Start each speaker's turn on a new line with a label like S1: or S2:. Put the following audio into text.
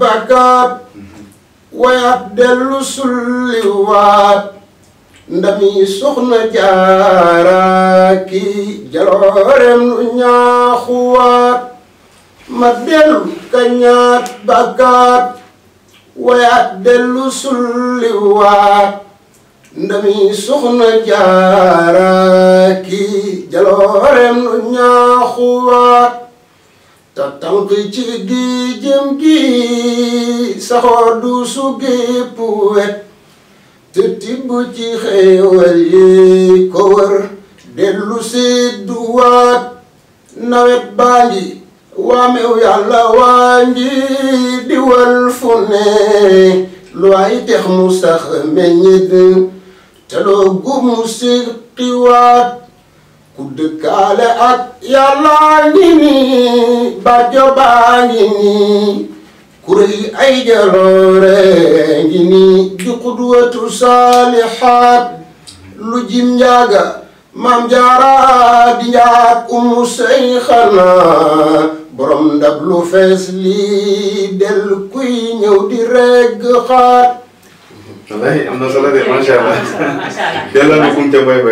S1: bakaat wayaat dellu sulliwaat ndami soxna jaaraaki jaloorem nu ñaaxuwaat ma dellu kañaat bakaat wayaat dellu sulliwaat ndami soxna jaaraaki jaloorem nu ñaaxuwaat te tànk ci gi jëm gi saxoo du su gépp wet te tibb ci xeewal yi ko wër dellu seddu waat nawet baa ngi waamew yàlla waa ngi diwal fu ne lu ay tex mu sax meññit te doo gub mu siqiwaat ku dëkkaale ak yàlla ngi nii bàjọba ngi nii kuréel ay jaloore ngi nii di xudwatu saalihaat lu jim njaaga maam jaara di njaag umu seyxana borom ndab lu fees lii del kuy ñëw di regg xaat. wallaahi am na solo de macha allah. macha allah ca bay bay.